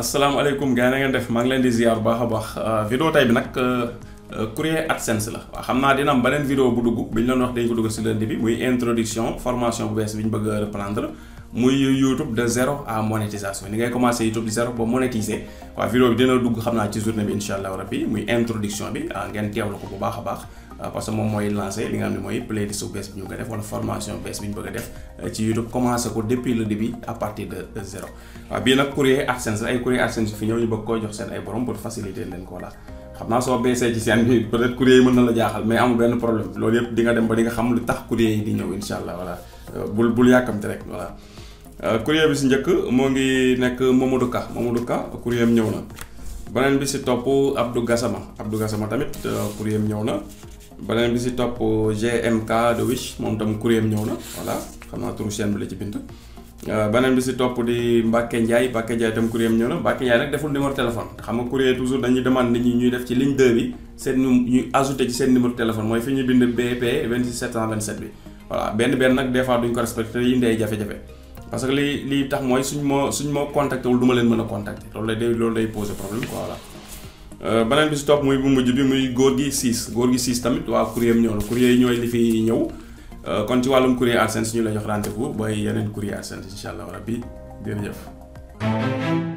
asalaamaaleykum gars yi na ngeen def maa ngi leen di ziar baax a baax euh, vidéo tay bi nag euh, euh, courrier AdSense la waaw xam naa dinam ba beneen vidéo bu dugg bi ñu leen wax dañ ko dugg si lundi bi muy introduction formation bu bees bi ñu bëgg a muy YouTube de zéro à monétisation ni ngay commencé YouTube de zéro ba monétiser waaw vidéo bi dina dugg xam naa ci journée bi incha allah rabbi muy introduction bi ah, a baax ah, parce que moom mooy lancé li nga xam ne mooy playlist bu bees bi ñu ko def wala formation bees a def ah, ci koo jox seen ay borom pour faciliter leen ko la xam naa soo beesee ci seen bi peut être yi mën na la jaaxal mais amul benn problème loolu yëpp di dem ba di xam lu tax courrier yi di ñëw incha allah voilà euh, bul bul yàkkamte rek voilà Euh, courrier bi si njëkk moo ngi nekk Mamadou Ka Mamadou Ka courrier am ñëw na beneen bi si topp Abdou Gassama Abdou Gassama tamit euh, courrier am ñëw na bi si topp GMK de Wish moom tam courrier ñëw na voilà xam naa turu bi la ci bind. Euh, beneen bi si topp di Mbacke Ndiaye Mbacke Ndiaye tam courrier ñëw na Mbacke Ndiaye nag deful numéro téléphone xam nga courrier toujours dañuy demande nit ñi ñuy def ci ligne 2 bi seen ñuy ajouté ci seen numéro téléphone mooy fi ñu bind BP 26 727 bi voilà benn benn nag des fois duñ ko respecté yi ndey jafe-jafe. parce que li li tax mooy suñ moo suñ moo contacté wul du ma leen mën a contacté loolu lay day loolu day posé problème quoi voilà. Euh, beneen bi si topp muy bu mujj bi muy góor gi 6 góor gi 6 tamit waa courrier am ñëw la courrier yi ñooy li fi ñëw euh, kon ci wàllum courrier AdSense suñu la jox rendez-vous booy yeneen courrier AdSense incha allah rabbi jërëjëf.